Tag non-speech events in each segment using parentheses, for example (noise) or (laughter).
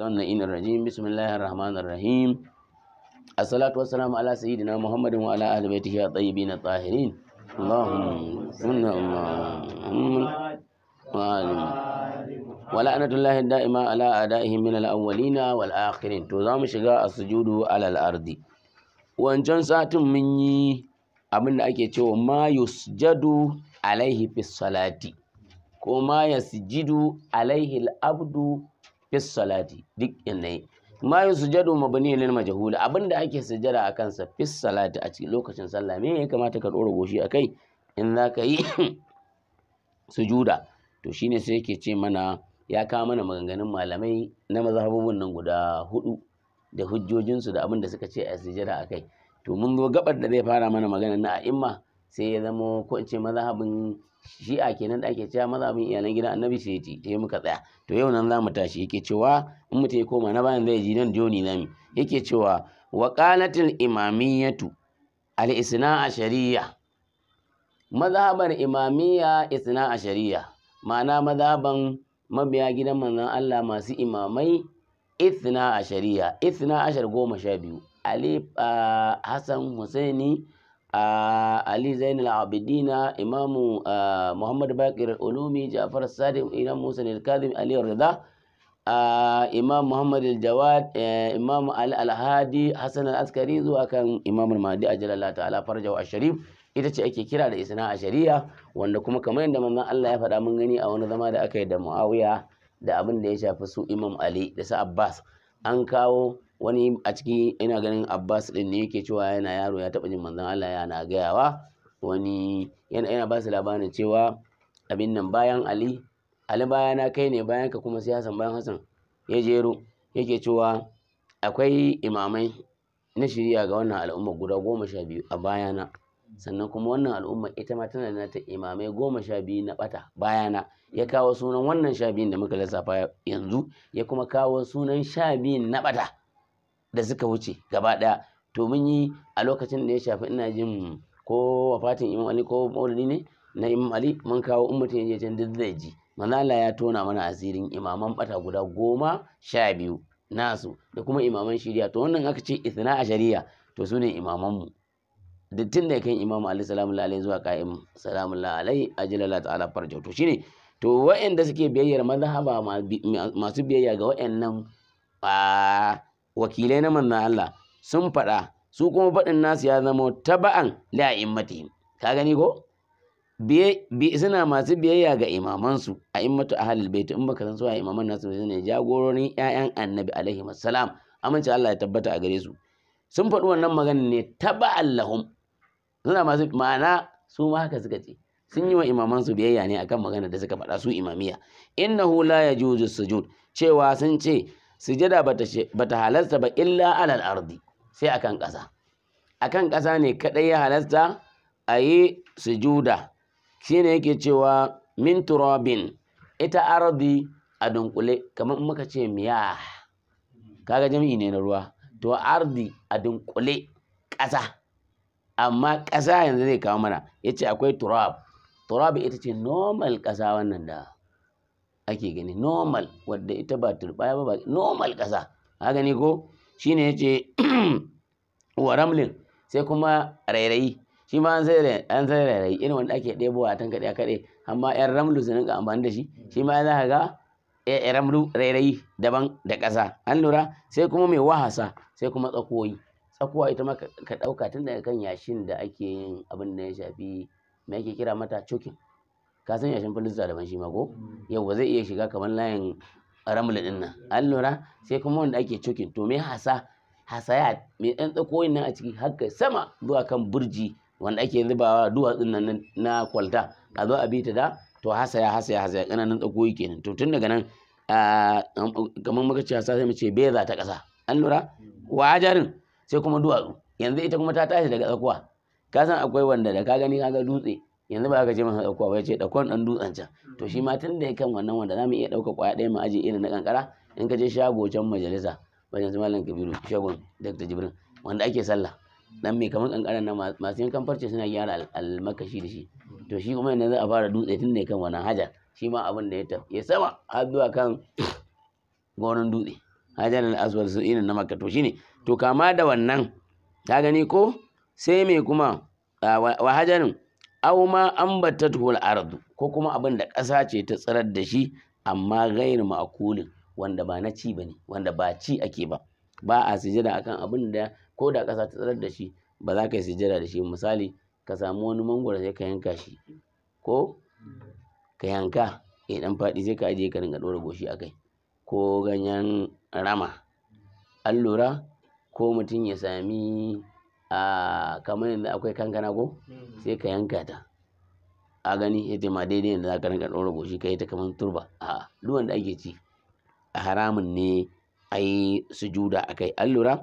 shaitan na inar rajim bismillahir rahmanir rahim assalatu wassalamu ala sayyidina muhammadin wa ala ahli baitihi at-tayyibin at-tahirin اللهم صل اللهم wala'anatullahi da'ima ala adaihim min al-awwalina wal akhirin to zamu shiga as-sujudu ala wancan satin mun yi abin da ake cewa ma yusjadu alaihi fi salati ko ma yasjidu abdu fissalati salati duk inai ma yusjadu mabni lil majhul da ake sujada a kansa fis salati a cikin lokacin sallah me ya kamata ka ɗora goshi akai in za ka yi (coughs) sujuda to shine sai yake ce mana ya kawo mana maganganun malamai na mazhabobin nan guda hudu da hujjojinsu da abin da suka ce a sujada akai to mun zo gabar da zai fara mana magana na a'imma sai ya zama ko in ce mazhabin Shi a kenan da ake cewa mazhabin iyalan gidan annabi sai yace sai muka tsaya to yau nan zamu tashi yake cewa in mutum ya koma na bayan zai ji nan joni nami yake cewa wa qalatil imamiyatu al isna ashariya mazhabar imamiyya isna ashariya ma'ana mazhaban mabiya gidan manzon Allah masu imamai isna ashariya isna ashar goma sha biyu alif ah, hasan husaini ali zainul abidina imamu muhammad bakir ulumi ja'far sadim imam musa al Kadim, ali rida imam muhammad al-jawad imam ali al-hadi hasan al-askari zuwa kan imam al-mahdi ajalallahu ta'ala farjahu al-sharif ita ce ake kira da isna a shari'a wanda kuma kamar yadda manzon Allah ya faɗa mun gani a wani zama da aka yi da Muawiya da abin da ya shafi su Imam Ali da su Abbas an kawo wani a cikin yana ganin abbas din ne yake cewa yana yaro ya taɓa jin manzon allah yana gayawa wani yana, yana ba su labarin cewa abin nan bayan ali ali na kai ne bayan ka kuma sai hassan bayan hassan ya jero yake cewa akwai imamai na shirya ga wannan al'umma guda goma sha biyu a bayana sannan kuma wannan al'umma ita ma tana da ta imamai goma sha biyu na bata bayana ya kawo sunan wannan sha biyun da muka lissafa yanzu ya kuma kawo sunan sha biyun na bata da suka wuce gaba ɗaya to mun yi a lokacin da ya shafi ina jin ko wafatin imam ali ko maulidi ne na imam ali mun kawo in mutum ya can duk zai ji manala ya tona mana asirin imaman bata guda goma sha biyu nasu da kuma imaman shirya to wannan aka ce isna a shari'a to su ne imamanmu dattin da kan imam ali salamu alaihi zuwa ka'im salamu alaihi ajalala ta'ala farja to shine to wa'anda suke biyayyar mazhaba masu biyayya ga wa'annan a ah, wakilai na manna Allah sun faɗa su kuma faɗin nasu ya zama taba'an li'a'immatihim ka gani ko suna masu biyayya ga imamansu a immatu ahlul bait in baka san su a imaman nasu ne jagororin ƴaƴan annabi alaihi assalam amince Allah ya tabbata a gare su sun faɗi wannan magana ne taba'an lahum suna masu ma'ana su ma haka suka ce sun yi wa imaman su biyayya ne akan magana da suka faɗa su imamiya innahu la yajuzu sujud cewa sun ce sujada bata halarta ba illa alal ardi sai akan ƙasa akan ƙasa ne kaɗai ya halarta a yi sujuda Shi ne yake cewa min turabin ita ardi a dunkule kamar muka ce miya kaga jam'i ne na ruwa to ardi a dunkule ƙasa amma ƙasa yanzu zai kawo mana Ya ce akwai turab turab ita ce normal ƙasa wannan da ake gani normal wadda ita ba turbaya ba normal ƙasa ha gani ko shi ne yace (clears throat) wa ramlin sai kuma rairayi shi ma an sai an rairayi irin wanda ake ɗebo a tankaɗe a kaɗe amma yan ramlu su rinka amfani da shi shi ma za ka ga ramlu rairayi daban da ƙasa an lura sai kuma mai wahasa sai kuma tsakuwoyi tsakuwa ita ma ka ɗauka tun daga kan yashin da ake yin abin da ya shafi me ake kira mata cokin ka san yashin filista daban shi mako? Mm. Yau ba zai iya shiga kamar layin ramul din nan an lura sai kuma wanda ake cokin to me hasa ya mai ɗan tsakoyin nan a ciki haka sama zuwa kan burji wanda ake zubawa duwatsun nan na kwalta a zo a bi ta da to hasaya hasaya hasaya ƙananan tsakoyi kenan to tun daga nan kamar muka ce hasa sai mu ce beza ta ƙasa an lura mm. jarin? sai kuma duwatsu yanzu ita kuma ta tashi daga tsakuwa ka san akwai wanda da ka gani ka ga dutse yanzu ba aka ce masa ɗauko ba ya ce ɗauko ɗan dutsen can to shi ma tun da ya kan wannan wanda za mu iya ɗauka ƙwaya ɗaya mu aje irin na kankara in ka je shago can majalisa wajen malam kabiru shagon dr jibrin wanda ake sallah dan mai kamar kankara na masu yankan farce suna gyara almakashi da shi to shi kuma yanzu za a fara dutse tun da ya kan wannan hajar shi ma abin da ya tafi ya sama har zuwa kan gonan dutse hajar al-aswad su irin na makka to ne to kama da wannan ta gani ko sai mai kuma wa hajarin aw ma ambatatuhu al-ardu ko kuma abin da ƙasa ce ta tsirar da shi amma ghairu ma'kulin wanda ba na ci bane wanda ba ci ake ba ba a sujada akan abin da ko da ƙasa ta tsirar da shi ba za ka yi sujada da shi misali ka samu wani mangoro sai ka yanka shi ko ka yanka ya dan faɗi sai ka aje ka ringa ɗora goshi a kai ko ganyen rama allura ko mutum ya sami kamar yadda akwai kankana ko mm. sai ka yanka ta a gani ita ma daidai yadda za ka rinka ɗora goshi ka yi ta kamar turba a duk wanda ake ci haramun ne a yi sujuda a kai an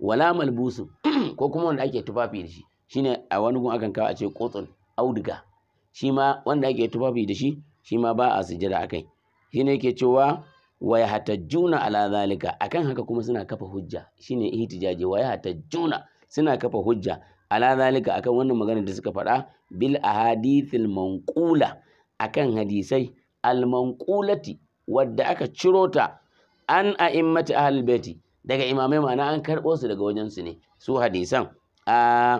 wala malbusin (clears throat) ko kuma wanda ake tufafi da shi shine a wani gun akan kawo a ce kotsun auduga shi ma wanda ake tufafi da shi shi ma ba a sujada a kai ne yake cewa wa yahtajuna ala zalika akan haka kuma suna kafa hujja shine ihtijaji wa juna. suna kafa hujja ala zalika akan wannan magana da suka faɗa bil ahadithil manqula akan hadisai al manqulati wadda aka ciro ta an a'immati ahlul baiti daga imamai ma'ana an karbo su daga wajen su ne su hadisan a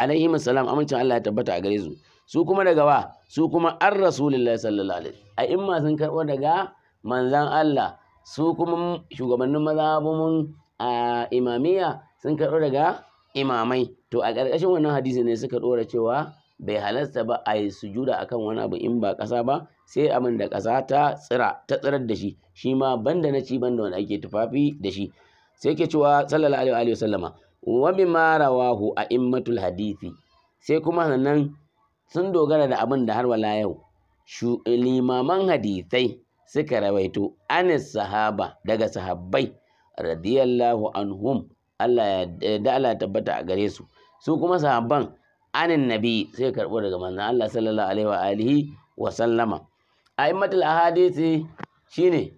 alaihi salam amincin Allah ya tabbata a gare su su kuma daga wa su kuma an rasulullahi sallallahu alaihi a imma sun karbo daga manzan Allah su kuma shugabannin mazhabumin a imamiya sun karo daga imamai to a ƙarƙashin wannan hadisi ne suka ɗora cewa bai halasta ba a yi sujuda akan wani abu in ba ƙasa ba sai abin da ƙasa ta tsira ta tsirar da shi shi ma banda na ci banda wanda ake tufafi da shi sai ke cewa sallallahu alaihi wa sallama wa bima rawahu a immatul hadithi? sai kuma sannan sun dogara da abin da har wala yau limaman hadithai suka rawaito anis sahaba daga sahabbai radiyallahu anhum Allah ya Allah ya tabbata a gare su su kuma sahabban anin nabi sai karɓo daga manzon Allah sallallahu alaihi wa alihi wa sallama a'immatul ahadisi shine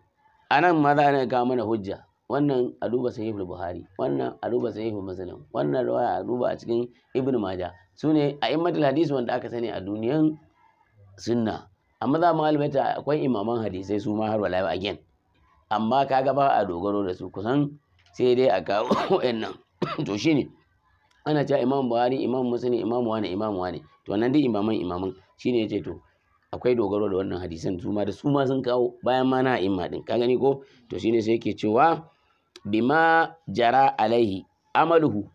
anan ma za a ga mana hujja wannan a duba sahihul buhari wannan a duba sahihul muslim wannan riwaya a duba a cikin ibnu majah sune a'immatul hadisi wanda aka sani a duniyan sunna amma za mu albaita akwai imaman hadisai su ma har wala again amma kaga ba a dogaro da su kusan sai dai a kawo (laughs) wayannan to shine ana cewa imam buhari imam muslim imam wani imam wani to nan dai imaman imaman shine yace to akwai dogaro da wannan hadisan su ma da su ma sun kawo bayan ma na imma din ka gani ko to shine sai yake cewa bima jara alaihi amaluhu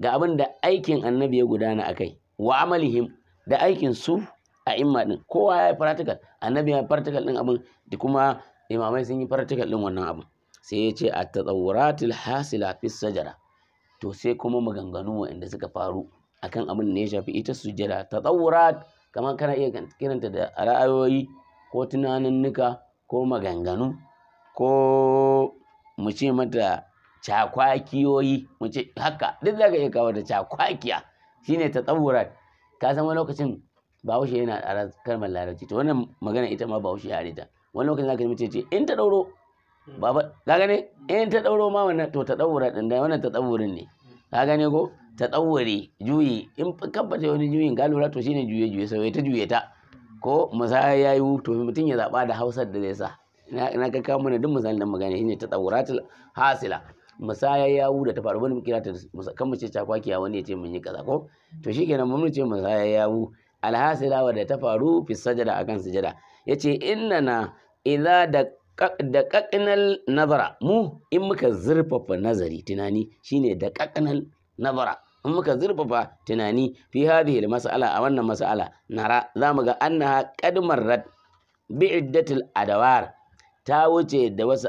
ga abin da aikin annabi ya gudana akai wa amalihim da aikin su a imma din kowa ya yi practical annabi ya yi practical din abin da kuma imamai sun yi practical din wannan abin sai ya ce a tatsawuratil hasila fi sajara to sai kuma maganganu waɗanda suka faru akan abin da ya shafi ita sujjada tatsawurat kamar kana iya kiranta da ra'ayoyi ko tunaninnika ko maganganu ko mu ce mata cakwakiyoyi mu ce haka duk da ka iya kawo da cakwakiya shine tatsawurat ka san wani lokacin bahaushe yana a kalmar larabci to wannan magana ita ma bahaushe ya ta wani lokacin za mace ce in ta ɗauro baba ka gane eh, in ta dauro ma wannan to ta daura din da wannan ta daurin ne ka gane ko ta daure juyi in kabbata wani juyin ka lura to shine juye juye sai ta juye ta ko misali yayi to mutum ya zaba da Hausar da zai sa na ka kawo duk misalin nan magana shine ta dauratul hasila musaya ya da ta faru wani kira ta kan mu ce cakwakiya wani ya ce mun yi kaza ko to shikenan mun ce musaya ya wu alhasila wa da ta faru fi sajada akan sajada yace inna na idza da da ƙaƙinal nazara mu in muka zurfafa nazari tunani shine da ƙaƙinal nazara in muka zurfafa tunani fi hadhihi mas'ala a wannan mas'ala nara zamu ga annaha kadmar marrat bi iddatil adawar ta wuce da wasu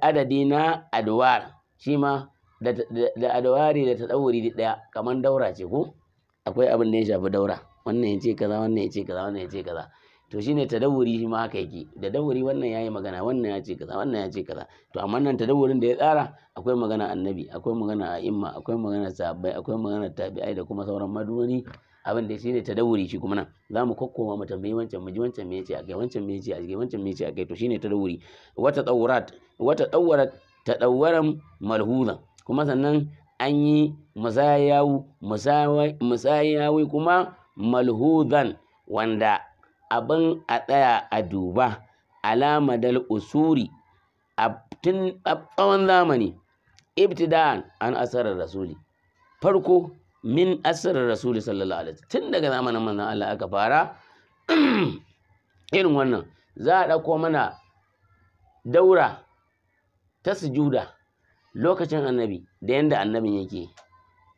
adadi na adawar shi ma da adawari da tadawuri daya kamar daura ce ko akwai abin da ya shafi daura wannan ya kaza wannan ya ce kaza wannan ya ce kaza to shine tadawuri shi ma haka yake da dawuri wannan yayi magana wannan ya ce kaza wannan ya ce kaza to amma nan tadawurin da ya tsara akwai magana annabi akwai magana a'imma akwai magana sahabbai akwai magana tabi'ai da kuma sauran maduni abin da shine tadawuri shi kuma nan za mu kokkoma mu tambayi wancan mu ji wancan me yace akai wancan me yace akai wancan me yace akai to shine tadawuri wata tsawurat wata tsawurat tadawwaran malhuzan kuma sannan an yi musayawu musayawi kuma malhuzan wanda abin a tsaya a duba alamadal usuri a tun tsawon zamani ibtida'an an asarar rasuli farko min asarar rasuli sallallahu alaihi tun daga zamanin manzon Allah aka fara (clears throat) irin wannan za a ɗauko mana daura ta sujuda lokacin annabi da yanda annabin yake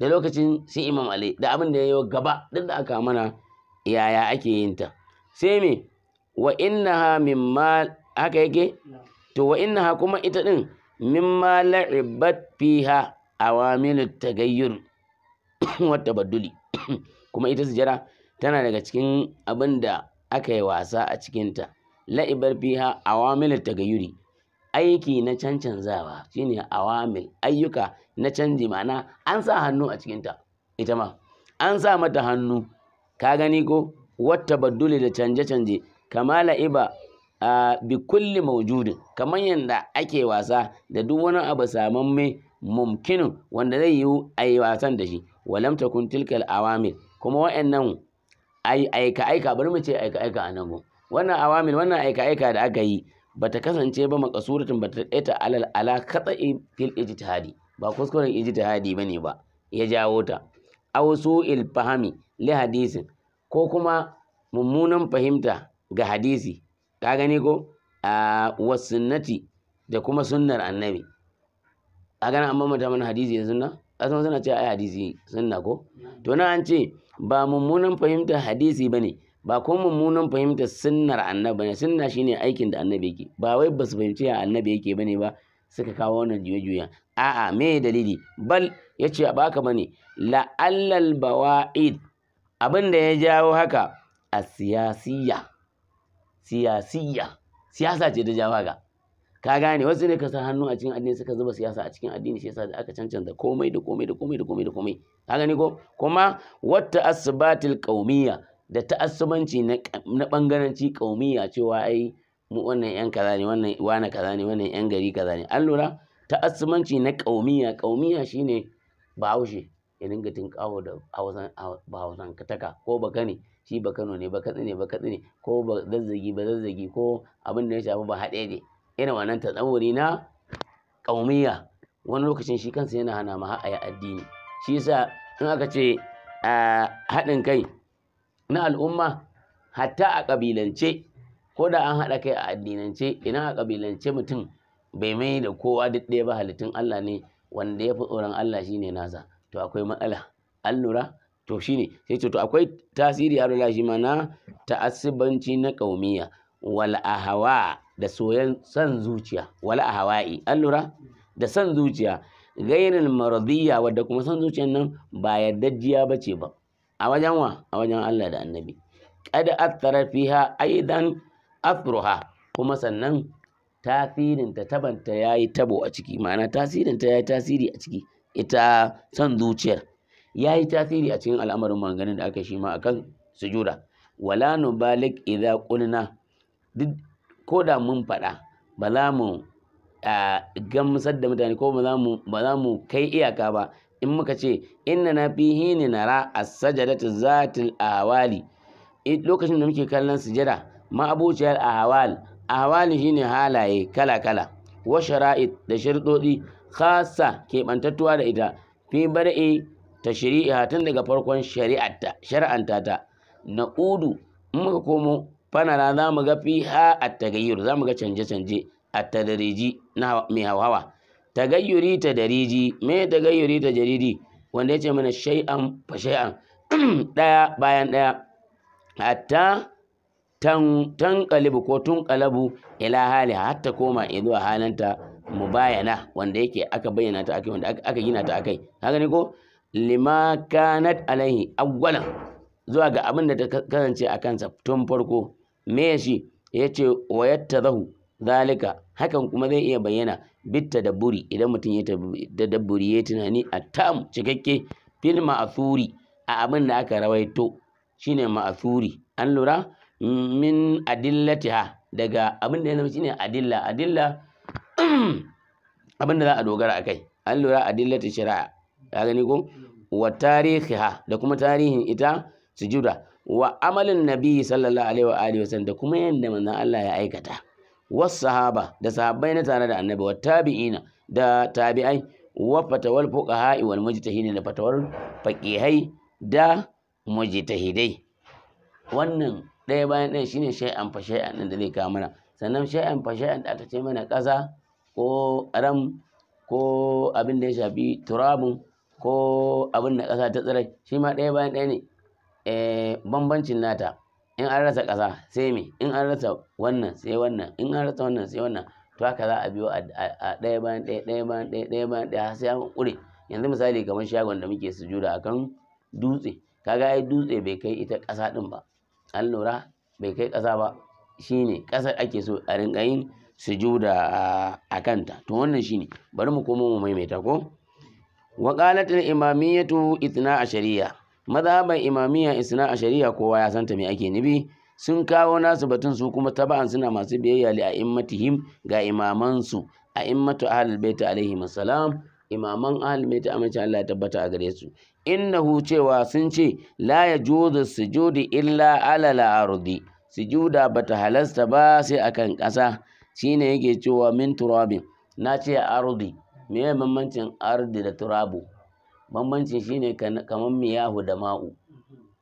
da lokacin si imam ali da abin da ya yi gaba duk da aka mana yaya ake yin ta sai me wa ha mimma haka yake to wa ha kuma ita din mimma la'ibat fiha awamilut tagayyur (coughs) wa baduli (coughs) kuma ita jira tana daga cikin abin da aka yi wasa a cikinta la'ibar fiha ta tagayyuri aiki na cancanzawa shine awamil ayyuka na canji ma'ana an sa hannu a cikinta ita ma an sa mata hannu ka gani ko wata badduli da canje-canje kamala iba a bi maujudin kamar yadda ake wasa da duk wani abu saman mai mumkinin wanda zai yiwu a yi wasan da shi walamta kun tilkal awamil kuma wa'annan aika aika bari mu ce aika aika a nan wannan awamil wannan aika aika da aka yi ba ta kasance ba makasuratin ba ta alal ala katsa'i fil ijtihadi ba kuskuren ijtihadi bane ba ya jawo ta aw su'il fahami li hadisin ko kuma mummunan fahimta ga hadisi ka gani ko a wasannati. da kuma sunnar annabi a gana amma mata mana hadisi da sunna asan suna cewa ai hadisi sunna ko to na an ce ba mummunan fahimtar hadisi bane ba kuma mummunan fahimtar sunnar annabi ne sunna shine aikin da annabi yake ba wai ba su fahimci ya annabi yake bane ba suka kawo wannan juya-juya. a'a me dalili bal ya baka ba ne. bane la'allal bawa'id abin da ya jawo haka a siyasiyya siyasiyya siyasa ce ta jawo haka ka gane wasu ne ka sa hannu a cikin addini suka zuba siyasa a cikin addini shi yasa da aka cancanta komai da komai da komai da komai da komai ka gani ko kuma wata asbatil qaumiyya da ta'assubanci na bangaranci qaumiyya cewa ai mu wannan yan kaza ne wannan wani kaza ne wannan yan gari kaza ne an lura ta'assubanci na qaumiyya qaumiyya shine bahaushe ya dinga kawo da hausan hausan kataka ko baka ne shi kano ne baka ne baka ne ko ba zazzagi ba zazzagi ko abin da ya shafi ba haɗe ne irin wannan tsawuri na kaumiyya wani lokacin shi kansa yana hana ma addini shi yasa in aka ce haɗin kai na al'umma hatta a ƙabilance ko da an haɗa kai a addinance idan a ƙabilance mutum bai mai da kowa duk ɗaya ba halittun Allah ne wanda ya fi tsoron Allah shine nasa to akwai matsala an lura to shine sai to akwai tasiri a rula shi mana ta'assibanci na ƙaumiya wal ahawa da soyan san zuciya wal ahawa'i an lura da san zuciya gairin maradiyya wadda kuma san zuciyar nan ba yardajjiya ba ce ba a wajen wa a wajen Allah da annabi kada athara fiha aidan afruha kuma sannan tasirinta tabanta yayi tabo a ciki ma'ana tasirinta yayi tasiri a ciki ita son zuciyar ya yi tasiri a cikin al'amarin maganin da aka shi ma kan sujuda wala balik idza qulna duk ko da mun faɗa ba za mu gamsar da mutane ko ba za mu kai iyaka ba in muka ce inna na fi hini nara as-sajadatu zatil ahwali lokacin da muke kallon sujada ma'abuciyar ahwal ahwali shine halaye kala kala wa shara'id da shirɗoɗi khasa keɓantattuwa da ita fi bar'i tashri'iha tun daga farkon shari'arta shari'anta ta na'udu in muka komo fanara za mu ga fi ha a tagayyur za mu ga canje-canje a tadariji na mai hawa tagayyuri tadariji me tagayyuri jaridi wanda yace mana shay'an fa shay'an daya (clears throat) bayan daya hatta tan tan ko tun kalabu ila hali hatta koma a halanta mubayana wanda yake aka bayyana ta akai wanda aka gina ta akai haka ne ko lima kanat alaihi awwalan zuwa ga abin da ta kasance a kansa tun farko me shi yace wa yattadahu zalika hakan kuma zai iya bayyana bitta da buri idan mutum ya tadabburi ya tunani a tam cikakke fil ma'asuri a abin da aka rawaito shine ma'asuri an lura min adillatiha daga abin da ya shine adilla adilla (clears throat) abin da za a dogara a kai, an lura a dillata shari'a Ya gani ko wa tarihiha da kuma tarihin ita sujuda wa amalin nabi sallallahu alaihi wa alihi wasallam da kuma yanda manzon Allah ya aikata was sahaba da sahabbai na tare da annabi wa tabi'ina da tabi'ai wa fatawal fuqaha'i wal mujtahidi da fatawar faqihai da mujtahidai wannan ɗaya bayan ɗaya shine shay'an fa shay'an da zai kawo mana sannan shay'an fa shay'an da aka ce mana ƙasa ko ram ko abin da ya shafi turabun ko abin da ƙasa ta tsirai shi ma ɗaya bayan ɗaya ne eh, bambancin nata in an rasa ƙasa sai me in an rasa wannan sai wannan in an rasa wannan sai wannan to haka za a biyo a ɗaya bayan ɗaya ɗaya bayan ɗaya ɗaya bayan ɗaya sai an ƙure yanzu misali kamar shagon da muke sujuda kan dutse kaga ai dutse bai kai ita ƙasa ɗin ba an lura bai kai ƙasa ba shine ƙasa ake so a rinƙa yin sujuda a kanta to wannan shine bari mu koma mu maimaita ko wa qalat al imamiyatu ithna ashariya madhaban imamiyya ithna ashariya kowa ya santa me ake nubi sun kawo nasu batun su kuma taba'an suna masu biyayya li a'immatihim ga imaman su a'immatu ahlul bait alaihi salam imaman ahlul bait amince Allah ya tabbata a gare su innahu cewa sun ce la yajuzu sujudi illa ala al-ardi sujuda bata halasta ba sai akan kasa. shine yake cewa min turabin na ce ardi meye bambancin ardi da turabu bambancin shine kamar miyahu da ma'u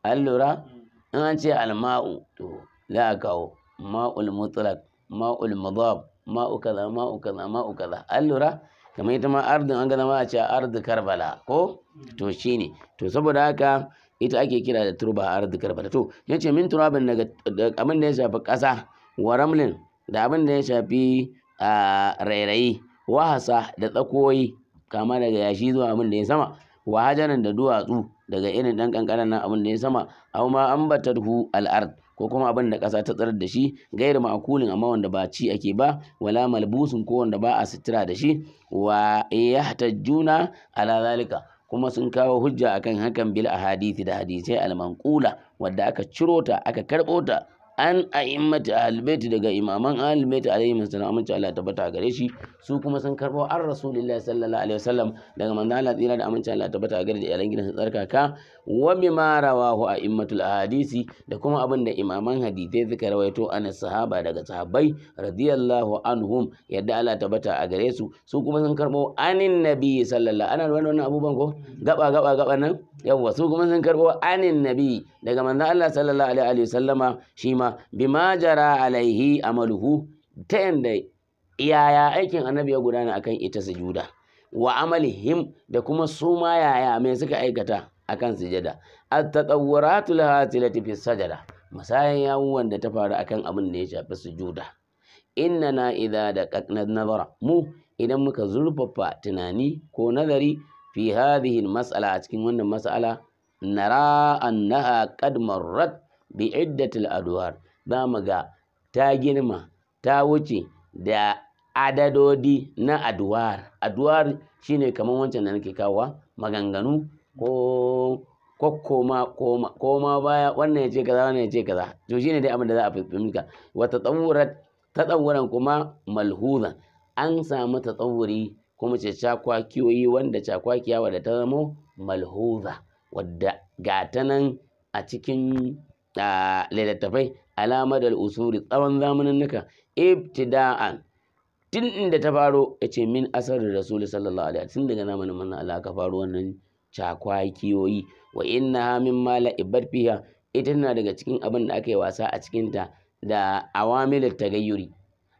an lura in an ce alma'u to za a kawo ma'ul mutlaq ma'ul mudab ma'u kaza ma'u kaza ma'u kaza an lura kamar ita ma ardin an gana ma a ce ardi karbala ko to shine to saboda haka ita ake kira da turba ardi karbala to yace min turabin daga abin da ya shafi ƙasa wa ramlin da abin da ya shafi a rairayi wahasa da tsakoyi kama daga yashi zuwa abin da ya sama wahajanan da duwatsu daga irin ɗan kankanan nan abin da ya sama aw ma ambatathu al-ard ko kuma abin da ƙasa ta tsarar da shi gair ma'kulin amma wanda ba ci ake ba wala malbusun ko wanda ba a sitira da shi wa yahtajuna ala zalika kuma sun kawo hujja akan hakan bil a Hadithi da hadisai al-manqula wadda aka ciro ta aka karɓo ta an a'immati ahlul daga imaman a bait alaihi wasallam amince Allah tabbata gare shi su kuma sun karbo an rasulullahi sallallahu alaihi wasallam daga manzo Allah tsira da amince Allah tabbata gare da iyalan gidansa tsarkaka wa bima rawahu a'immatul ahadisi da kuma abin da imaman hadithai suka rawaito an sahaba daga sahabbai radiyallahu anhum yadda Allah tabbata a gare su su kuma sun karbo anin nabi sallallahu ana wannan abubuwan ko gaba gaba gaba nan yawwa su kuma sun karbo anin nabi daga manzo Allah sallallahu alaihi wasallama shi ma bima jara alaihi amaluhu ta yanda yaya aikin annabi ya gudana akan ita sujuda wa amalihim da kuma su ma yaya mai suka aikata akan sujada at-tatawwaratu laha tilati fi sajada misayan yawuwan da ta faru akan abin da ya shafi sujuda innana idza daqaqna nazara mu idan muka zurfafa tunani ko nazari fi hadhihi mas'ala a cikin wannan mas'ala nara annaha qad marrat bi iddatil adwar za mu ga ta girma ta wuce da adadodi na adwar adwar shine kamar wancan da nake kawowa maganganu ko kokkoma koma baya wannan ya ce kaza wannan ya ce kaza to shine dai abin da za a fahimta wa tatawurat tatawuran kuma malhuza an samu tatawuri kuma ce cakwakiyoyi wanda cakwakiya da ta zamo malhuza wadda gata nan a cikin littattafai alamar usuri tsawon zamaninnuka ibtida'an tun inda ta faro ya ce min asar rasuli sallallahu alaihi tun daga zamanin manna Allah ka faro wannan cakwakiyoyi wa inna min mala ibar fiha ita tana daga cikin abin da aka yi wasa a cikinta da awamilar tagayyuri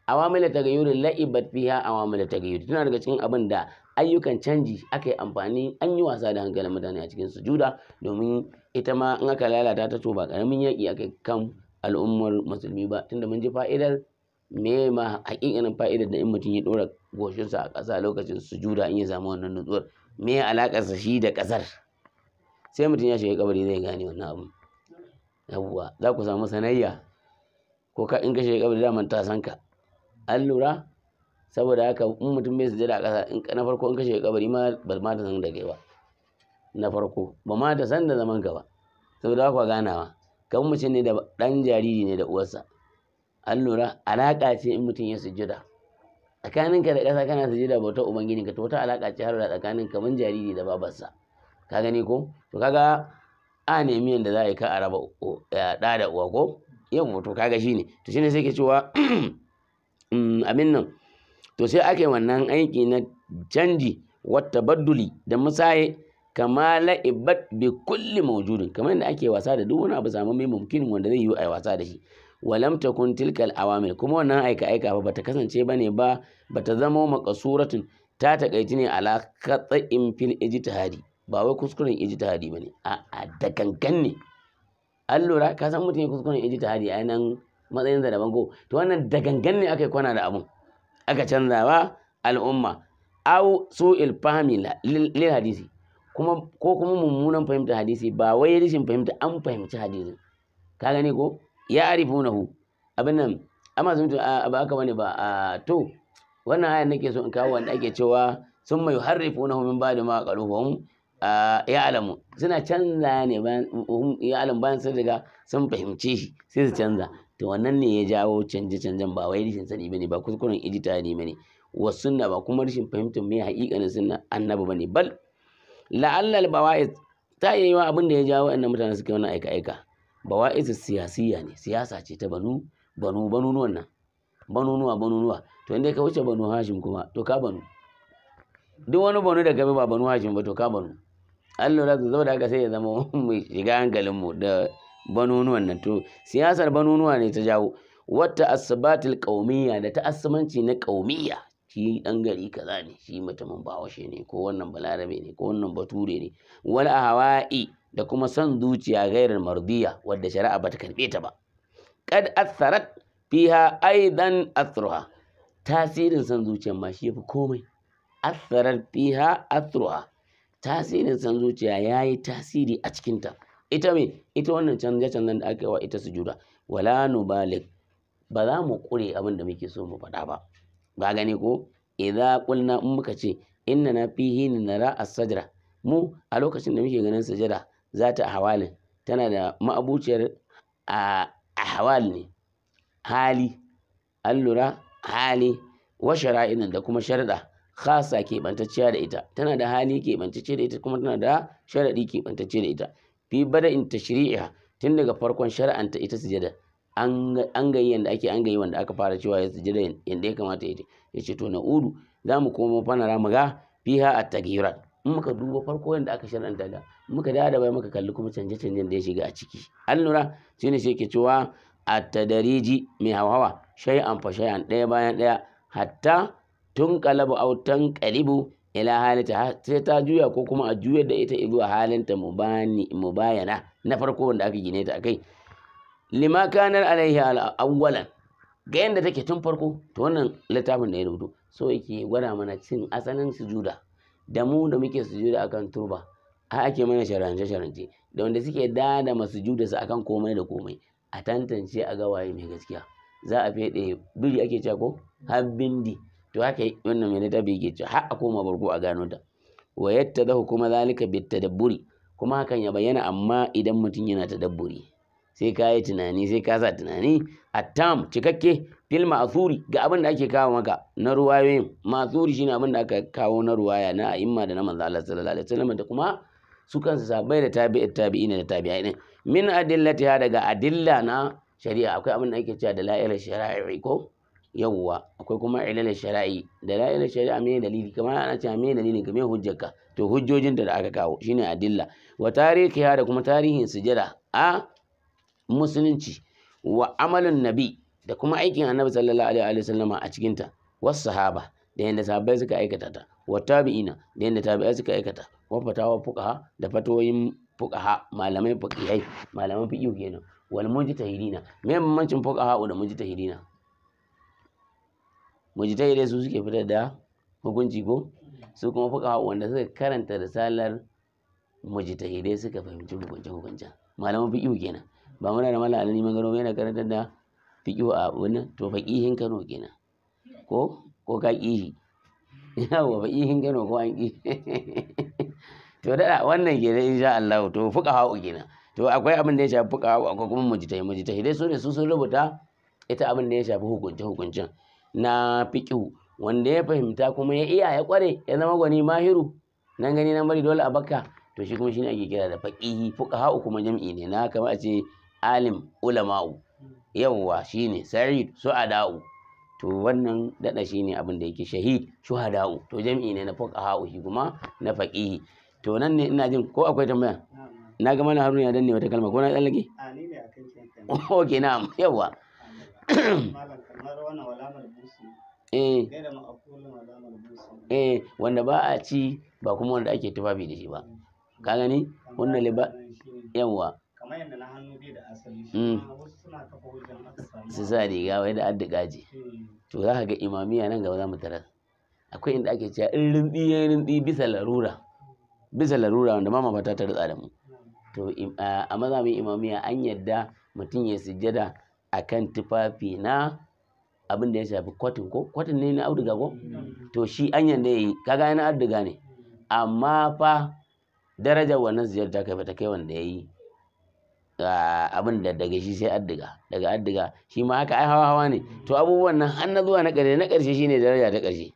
awamilar tagayyuri la ibar fiha tagayyuri tana daga cikin abin da ayyukan canji aka yi amfani an yi wasa da hankalin mutane a cikin sujuda domin ita ma in aka lalata ta to ba karamin yaƙi aka kan al'ummar musulmi ba tunda mun ji fa'idar me ma haƙiƙanin fa'idar da in mutum ya ɗora goshinsa a ƙasa lokacin sujuda in ya samu wannan nutsuwar me ya alaƙarsa shi da ƙasar sai mutum ya shiga kabari zai gane wannan abun yawwa za ku samu sanayya ko ka in ka shiga kabari daman ta san ka an lura saboda haka in mutum bai sujada a ƙasa in na farko in kashe kabari ma ba ma da san da kai ba na farko ba ma da san da zaman ka ba saboda haka ganawa kan mutum ne da ɗan jariri ne da uwarsa an lura alaƙa ce in mutum ya sujada tsakaninka da ƙasa kana sujada bautar ubangiji ka to wata alaƙa ce har da tsakanin kaman jariri da babarsa ka gani ko to kaga a nemi yanda za a yi ka a raba ɗa da uwa ko yau to kaga shine to shine sai ke cewa (clears throat) mm, abin nan to sai ake wannan aiki na canji wata badduli da musaye kama la'ibat bi kulli mawjudin kamar yadda ake wasa da duk wani abu samu mai mumkin wanda zai yi a wasa da shi walam takun tilkal awamil kuma wannan aika aika ba bata kasance bane ba bata zama maqsuratun ta takaici ne ala khata'in fil ijtihadi ba wai kuskuren ijtihadi bane a a da kankan ne an lura ka san mutum ya kuskuren ijtihadi a nan matsayin zaraban go to wannan da ne aka kwana da abun aka canza wa al'umma au su ilfahami lil hadisi kuma ko kuma mummunan fahimta hadisi ba wai rashin fahimta an fahimci hadisin ka gani ko ya arifunahu abin nan amma sun ah, ba aka bane ba ah, to wannan ayar nake so in kawo wanda ake cewa sun mai harrifunahu min ba da ma qaluhum Eh, ya alamu suna canza ne um, ya alamu bayan sun riga sun fahimce shi sai su canza to wannan ne ya jawo canje canjen ba wai rishin sani bane ba kuskuren ijita ne bane wa sunna ba kuma rashin fahimtar me haƙiƙanin sunna annabi bane bal la'alla al bawa'id ta iya yi wa abin da ya jawo annan mutane suke wani aika aika bawa'id siyasiya ne siyasa ce ta banu banu banu wannan banunuwa banunuwa to inda ka wuce banu hashim kuma to ka banu duk wani banu da gabe ba banu hashim ba to ka banu an lura su da haka sai ya zama (laughs) mu shiga hankalinmu da banonuwan nan to siyasar banonuwa ne ta jawo wata asabatul qaumiyya da ta asumanci na qaumiyya shi dan gari kaza ne shi mutumin bawashe ne ko wannan balarabe ne ko wannan bature ne wal ahwa'i da kuma son zuciya gairar mardiya wadda shari'a bata karbe ta ba Kad atharat fiha aidan athruha tasirin son zuciyar ma shi fi komai atharat fiha athruha tasirin san zuciya ya yi tasiri a cikinta ita me ita wannan canje canjen da aka yi wa ita sujuda wala nubalik ba za mu ƙure abin da muke so mu faɗa ba ba gani ko idza qulna in muka ce inna na fihi nara as-sajra mu a lokacin da muke ganin sajada za ta hawalin tana da ma'abuciyar a hawali ne hali allura hali wa shara'inan da kuma sharda khasa keɓantacciya da ita tana da hali keɓantacce da ita kuma tana da sharaɗi keɓantacce da ita fi in tashri'a tun daga farkon shari'anta ita sujada an ga yanda ake an wanda aka fara cewa ya sujada yanda ya kamata ita yace to na'udu za mu koma fanara mu ga fiha at-taghirat in muka duba farko yanda aka shar'anta da muka da bai muka kalli kuma canje canjen da ya shiga a ciki an lura shine shi ke cewa at-tadariji mai hauhawa. hawa shay'an fa shay'an ɗaya bayan ɗaya hatta tun kalabu au tan kalibu ila halita sai ta juya ko kuma a juyar da ita zuwa halinta bayana na farko wanda aka gine ta akai lima kanar alaihi awwalan ga yanda take tun farko to wannan littafin da ya rubuto so yake gwada mana cin asalin sujuda da mu da muke sujuda akan turba a ake mana sharance sharance da wanda suke dada juda su akan komai da komai a tantance a gawaye mai gaskiya za a fede biri ake cewa ko habbindi to haka wannan mai littafi yake cewa har a koma bargo a gano ta wa zahu kuma zalika bi dabburi. kuma hakan ya bayyana amma idan mutum yana tadabburi sai ka yi tunani sai ka sa tunani attam cikakke fil ma'thuri ga abin da ake kawo maka na ruwayoyin ma'thuri shine abin da aka kawo na ruwaya na a'imma da na manzo Allah sallallahu alaihi wasallam da kuma su kansu sabai da tabi'i tabi'ina da tabi'ai din min adillati daga adilla na shari'a akwai abin da ake cewa da la'irar shari'a ko yawwa akwai kuma ilalar shari'i da ilalar shari'a mai dalili kamar ana cewa mai dalilin ka me hujjarka to hujjojin da aka kawo shine adilla wa tarihiha da kuma tarihin sujada a musulunci wa amalin nabi da kuma aikin annabi sallallahu alaihi wa sallama a cikin ta was sahaba da yanda sahabbai suka aikata ta wa tabi'ina da yanda tabi'ai suka aikata wa fatawa fuqaha da Fatoyin fuqaha malamai fuqihai Malamai fiqh kenan wal mujtahidina me bambancin fuqaha da mujtahidina Mujita dai su suke fitar da hukunci ko su kuma fuqaha wanda suka karanta risalar dai suka fahimci hukuncin. hukuncen malaman fiqh kenan ba muna da malam alani mai yana karantar da fiqh a wani to faqihin Kano kenan ko ko ka kihi yawa faqihin Kano ko an kihi (laughs) to da wannan kenan insha Allah to fuqaha kenan to akwai abin da ya shafi fuqaha akwai kuma mujtahid dai su ne su sun rubuta ita abin da ya shafi hukunce hukuncin. na fiƙihu wanda ya fahimta kuma ya iya ya ƙware ya zama gwani mahiru nan gani nan bari dole a bakka to shi kuma shine ake kira da faqihi fuqaha'u kuma jam'i ne na kama a ce alim ulama'u yawwa shine sa'id su'ada'u to wannan dada shine abin da yake shahid shuhada'u to jam'i ne na fuqaha'u shi kuma na faqihi to nan ne ina jin ko akwai tambaya na ga mana haruna ya danne wata kalma ko na tsallake a ni ne akan (laughs) okay na'am yawwa eh eh wanda ba a ci ba kuma wanda ake tufafi da shi ba ka gani wannan liba yawa kamar yadda na hannu da asali shi mm. suna kafa wajen samu su sa riga wai da adda gaji eh. to za ka ga imamiya nan gaba za mu tarar akwai inda ake cewa in rinɗi ya rinɗi bisa larura bisa larura wanda mama fata ta rutsa da mu to a mazamin imamiya an yadda mutum ya sujjada akan tufafi na abin da ya shafi kwatin ko kwatin ne na auduga ko mm. to shi anyan da yayi kaga yana auduga ne amma fa daraja wannan ziyarta kai bata kai wanda yayi abin da daga shi sai auduga daga auduga shi ma haka ai hawa hawa ne to abubuwan nan har na zuwa na ƙarshe na ƙarshe shine daraja ta ƙarshe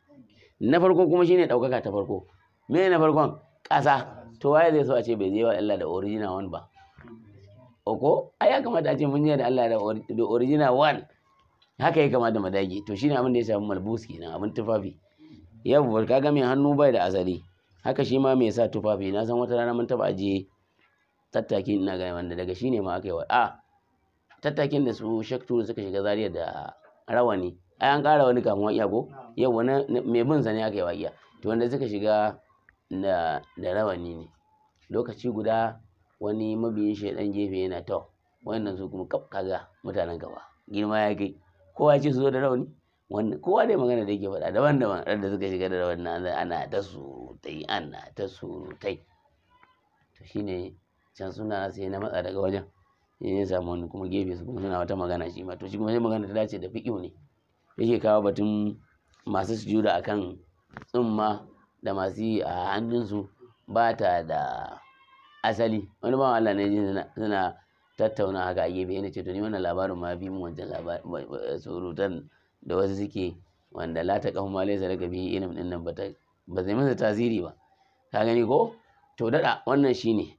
na farko kuma shine ɗaukaka ta farko me na farkon ƙasa to waye zai so a ce bai je wa Allah da original one ba oko ai ya kamata a ce mun yi da Allah da original one haka ya kama da madagi to shine abin da ya samu malbus kenan abin tufafi yawwa ga mai hannu bai da asali haka shi ma mai sa tufafi na san wata rana mun taba aje tattakin ina ga wanda daga shine ma aka yi a tattakin da su shakturu suka shiga zariya da rawani ai an kara wani kafin waƙiya ko yawwa mai bin sa ne aka yi waƙiya to wanda suka shiga da rawani ne lokaci guda wani mabiyin shaidan gefe yana to wannan su kuma kaf kaga mutanen gaba girma ya kai kowa ce su zo da rauni wannan kowa dai magana da yake faɗa daban daban da suka shiga da rauni ana ta surutai ana ta surutai to shine can suna sai na matsa daga wajen ne ya samu wani kuma gefe su kuma suna wata magana shi ma to shi kuma sai magana ta dace da fiƙiu ne yake kawo batun masu sujuda akan tsumma da masu yi a hannunsu ba ta da asali wani ba Allah ne suna tattauna haka a gefe yana ce to ni wannan labarin ma bi mu wancan surutan da wasu suke wanda la ta kahu ma laysa laka bihi din nan ba zai masa tasiri ba ka gani ko to dada wannan shine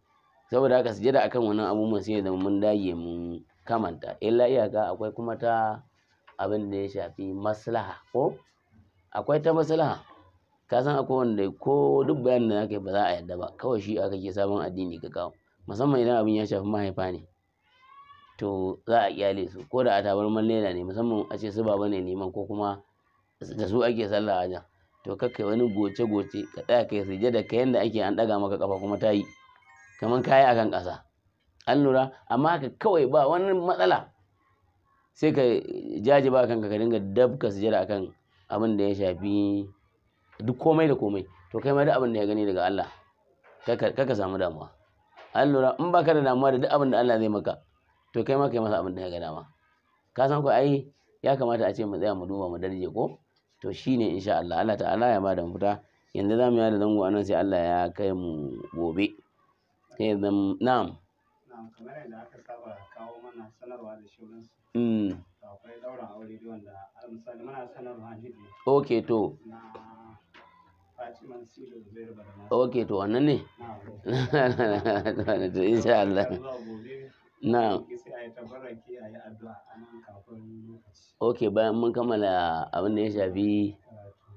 saboda haka sujada akan wannan abubuwan sai da mun dage mu kamanta illa iyaka akwai kuma ta abin da ya shafi maslaha ko akwai ta maslaha ka san akwai wanda ko duk bayanin da zaka yi ba za a yadda ba kawai shi aka ke sabon addini ka kawo musamman idan abin ya shafi mahaifa ne to za a kyale su ko da a tabarman leda ne musamman a ce su baba ne neman ko kuma da su ake sallah a jan to kakkai wani goce goce ka tsaya kai sujjada ka yanda ake an daga maka kafa kuma ta yi kaman kayi kan ƙasa an lura amma ka kawai ba wani matsala sai ka jaji ba kanka ka dinga dab ka sujjada akan abin da ya shafi duk komai da komai to kai ma duk abin da ya gani daga Allah kaka samu damuwa an lura in baka da damuwa da duk abin da Allah zai maka to kai ma kai masa abin da ya ga dama ka san ku ai ya kamata a ce mu tsaya mu duba mu darje ko to shine insha Allah Allah ta'ala ya bada mafita yanzu za mu yada zango anan sai Allah ya kai mu gobe sai zan na'am kamar yadda aka saba kawo mana sanarwa da mm. akwai aure da wanda misali muna sanarwa ok to ok to wannan ne Na' (laughs) na ok bayan mun kammala abin da ya shafi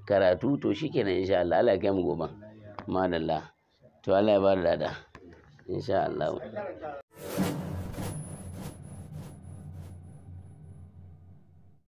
karatu to shikenan insha Allah Allah ya kai mu gobe madalla to Allah ya ba da lada insha Allah